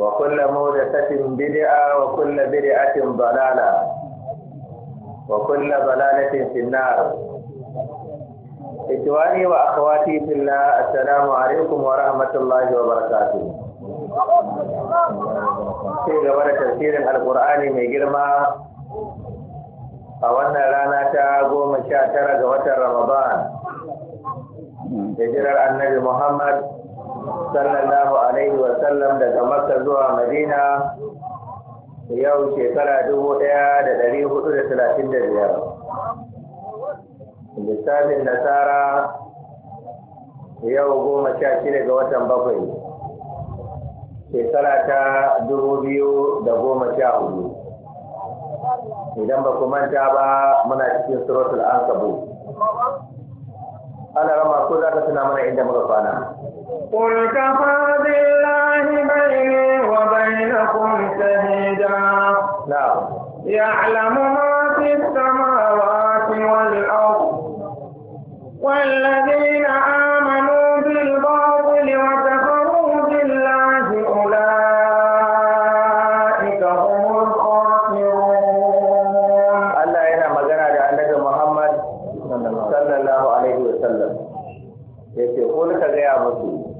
وكل مودثة بدعة وكل بدعة ضلالة وكل ضلالة في النار إخواني وأخواتي في الله السلام عليكم ورحمة الله وبركاته في غبر تفسير القرآن من جرمى أولنا رانا تاغو من شاتر رمضان هجرة النبي محمد sallallahu alaihi wa sallam daga Makka zuwa Madina yau shekara dubu ɗaya da ɗari hudu da talatin da biyar. Lissafin Nasara yau goma sha shida ga watan bakwai shekara ta dubu biyu da goma sha hudu. Idan ba ku manta ba muna cikin suratul ansabu. ana rama ko za ka tuna mana inda قل كفى بالله بيني وبينكم شهيدا نعم يعلم ما في السماء ya ce ko ka gaya musu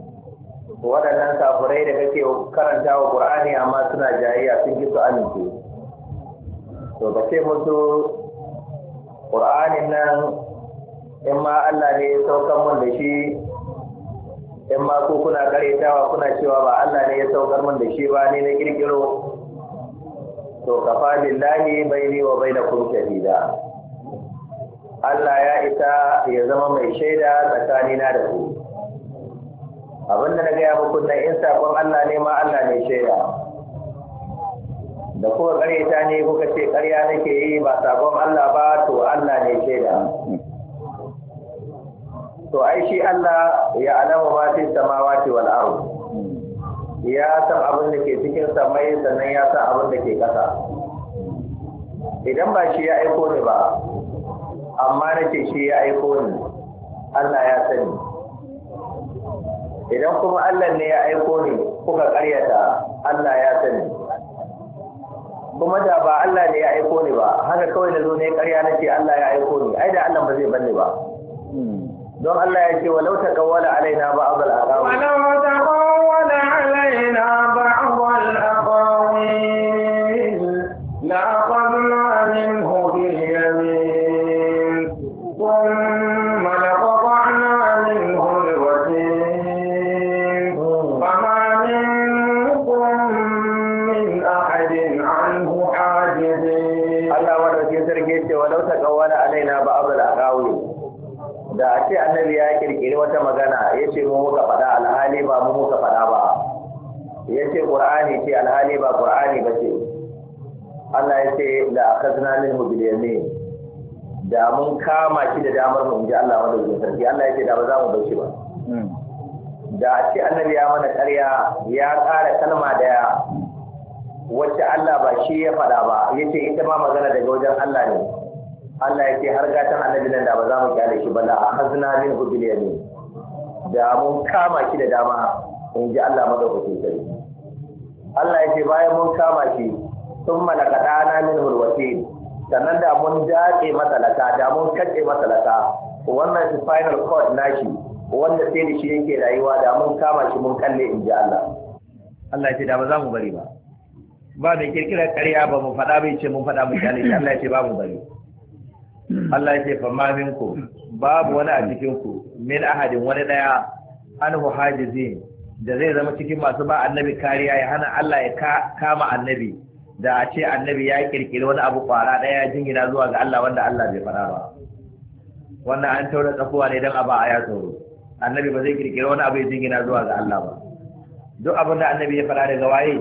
waɗannan safurai da kake karanta wa ƙur'ani amma suna jayayya sun ki su amince to ka ce musu ƙur'anin nan in ma Allah ne ya saukan mun da shi in ma ku kuna karetawa kuna cewa ba Allah ne ya saukar mun da shi ba ne na kirkiro to kafa lillahi baini wa bainakum shahida Allah ya isa ya zama mai shaida tsakanina da ku Abinda na gaya muku na in sakon Allah ne ma Allah ne shaida da kuka ta ne kuka ce karya nake yi ba sakon Allah ba to Allah ne shaida to ai shi Allah ya alamu ba fi samawati wal ardh ya san abin da ke cikin samai sannan ya san abin da ke kasa idan ba shi ya aiko ne ba ce shi ya aiko ni Allah ya sani idan kuma Allah ne ya aiko ni kuka karyata Allah ya sani kuma da ba Allah ne ya aiko ni ba haka kawai da zo ne karya na ce Allah ya aiko ni ai da Allah ba zai bane ba hmm. don Allah ya ce walau kawala alaina ba abul da ake annabi ya kirkiri wata magana ya ce mu muka faɗa alhali ba mu muka faɗa ba ya ce ƙur'ani ce alhali ba ƙur'ani ba ce Allah ya ce da a kazna min hubiliyami da mun kama shi da damar mu inji Allah zai sarki Allah ya ce da ba za mu bar shi ba hmm. da a ce annabi ya mana ƙarya ya ƙara kalma daya wacce Allah ba shi ya faɗa ba ya ce ita ma magana daga wajen Allah ne Allah ya ce har gatan annabi nan da ba za mu kyale shi ba la hazna min hubil yamin da mun kama shi da dama in ji Allah madaukakin sarki Allah ya ce bayan mun kama shi sun malaka dana min hulwatin sannan da mun dace matsalaka da mun kace matsalaka wannan shi final court nashi wanda sai da shi yake rayuwa da mun kama shi mun kalle in ji Allah Allah ya ce da ba za mu bari ba ba mai kirkirar ƙarya ba mu faɗa bai ce mun faɗa mu kyale Allah ya ce ba mu bari Allah ya ce fa ma minku babu wani a cikin ku min ahadin wani daya anhu hajizin da zai zama cikin masu ba annabi kariya ya hana Allah ya kama annabi da a ce annabi ya kirkiri wani abu kwara daya jingina zuwa ga Allah wanda Allah bai fara ba wannan an taura tsakuwa ne dan aba ya tsoro annabi ba zai kirkiri wani abu ya jingina zuwa ga Allah ba duk abin da annabi ya fara daga waye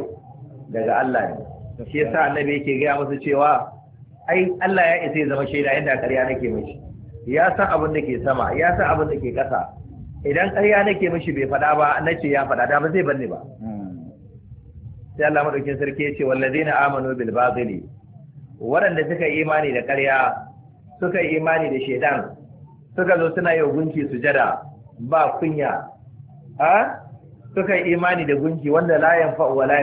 daga Allah ne shi yasa annabi yake gaya musu cewa ai Allah ya isa ya zama shaida yadda ƙarya nake mishi ya san abin da ke sama ya san abin da ke ƙasa idan ƙarya nake mishi bai faɗa ba na ce ya faɗa da ba zai banne ba sai Allah madaukin sarki ya ce wallazina amanu bil batili waɗanda suka yi imani da ƙarya suka yi imani da shaidan suka zo suna yau gunki sujada ba kunya ha suka yi imani da gunki wanda la yanfa wa la